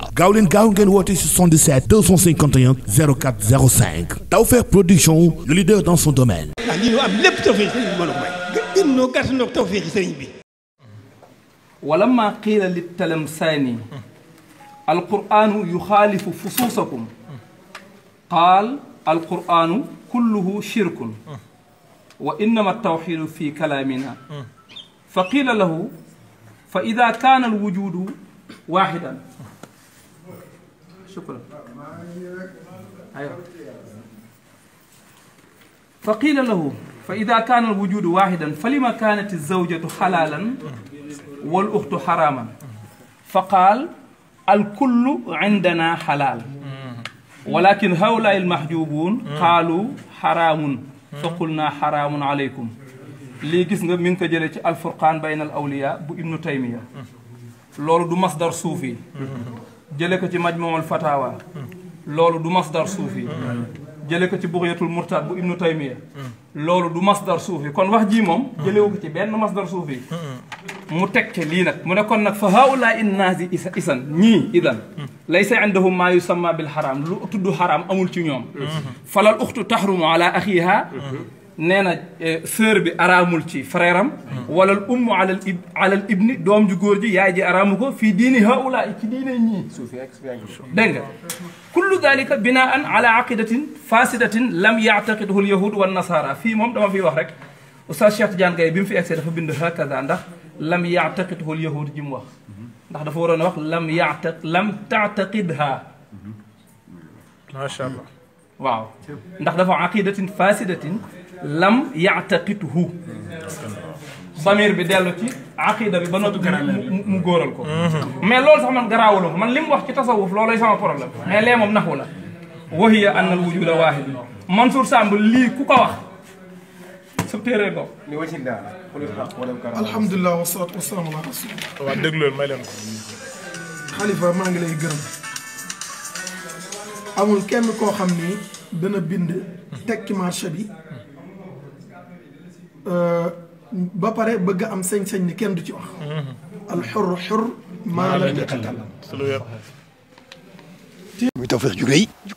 waaw gaaw leen gaaw ngeen woote 77 251 04 05 Tawfekh Production le leader dans son domaine. ah lii ñu am lépp tawfeex sëriñ bi mën a may. gën noo gàtt noo tawfeex sëriñ bi. walammaa qiila li talamsaani. alqur'aanu yuxaalifu fusuusakum. qaal alqur'aanu kulluhu shirkun. wa innama tawxiidu fi kalaamina. fa qiila lahu fa idaa kaana alwujuudu waaxidan shukran aywa fa qiila lahu fa ida kaana alwujudu waxidan fa lima kaanat alzawjatu xalaalan wal uxtu xaraaman fa qaal alkullu indana xalaal walakin haulaai almahjubuun qaalu xaraamun fa qulna xaraamun aleykum lii gis nga mi ngi ko jëlee ci alfurqaan bayna al awliya bu ibnu taymiya loolu du masdar suufi jële ko ci majmuul fatawa loolu du masdar suufi mm. jële ko ci bughyatul murtad bu ibnu taymiya mm. loolu du masdar suufi kon wax ji moom mm. jëlewu ko ci benn masdar suufi mu teg ci lii nag mu ne kon nag fa haula innaasi isan ñii idan laysa indahum maa yusamma bil xaraam lu tudd xaraam amul ci ñoom falal uxtu taxrumu ala axiha nee na eh, sœur bi araamul ci frère am walal ummu alal ib alal ibni doom ju góor ji yaay ji araamu ko fii diini haulaai ci diine ñii dégg nga kullu dalika binaan ala aqidatin fasidatin lam yaataqiduhu lyahud wa nasara fii moom dama fiy wax rek oustaz Cheikh Tidiane Gaye bi mu fi egsee dafa bind hakaza ndax lam yaataqiduhu lyahud ji mu wax ndax dafa waroon a wax lam yaata lam taataqidha macha allah waaw ndax dafa aqidatin fasidatin lam yaataqituhu samir bi dellu ci aqida bi ba noppi mu góoral ko mais lool sax man garaawuloo man li wax ci tasawuf loolay sama problème mais lee moom naxu la wahiya anna al wujuda waahid Mansour Samb lii ku ko wax su téeree ko alhamdulilah wasalaatu wasalaamu ala rasulillah waaw may leen ko xalifa maa ngi lay gërëm amul kenn koo xam ni dana bind tekki marché bi Euh, ba pare bëgg am sañ-sañ ni kenn du ci wax. Mm-hmm. alxur xur. maa la yëkkatal. muy tawfeex ju rëy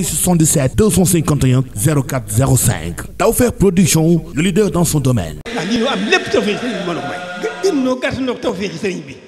woote 77 251 04 05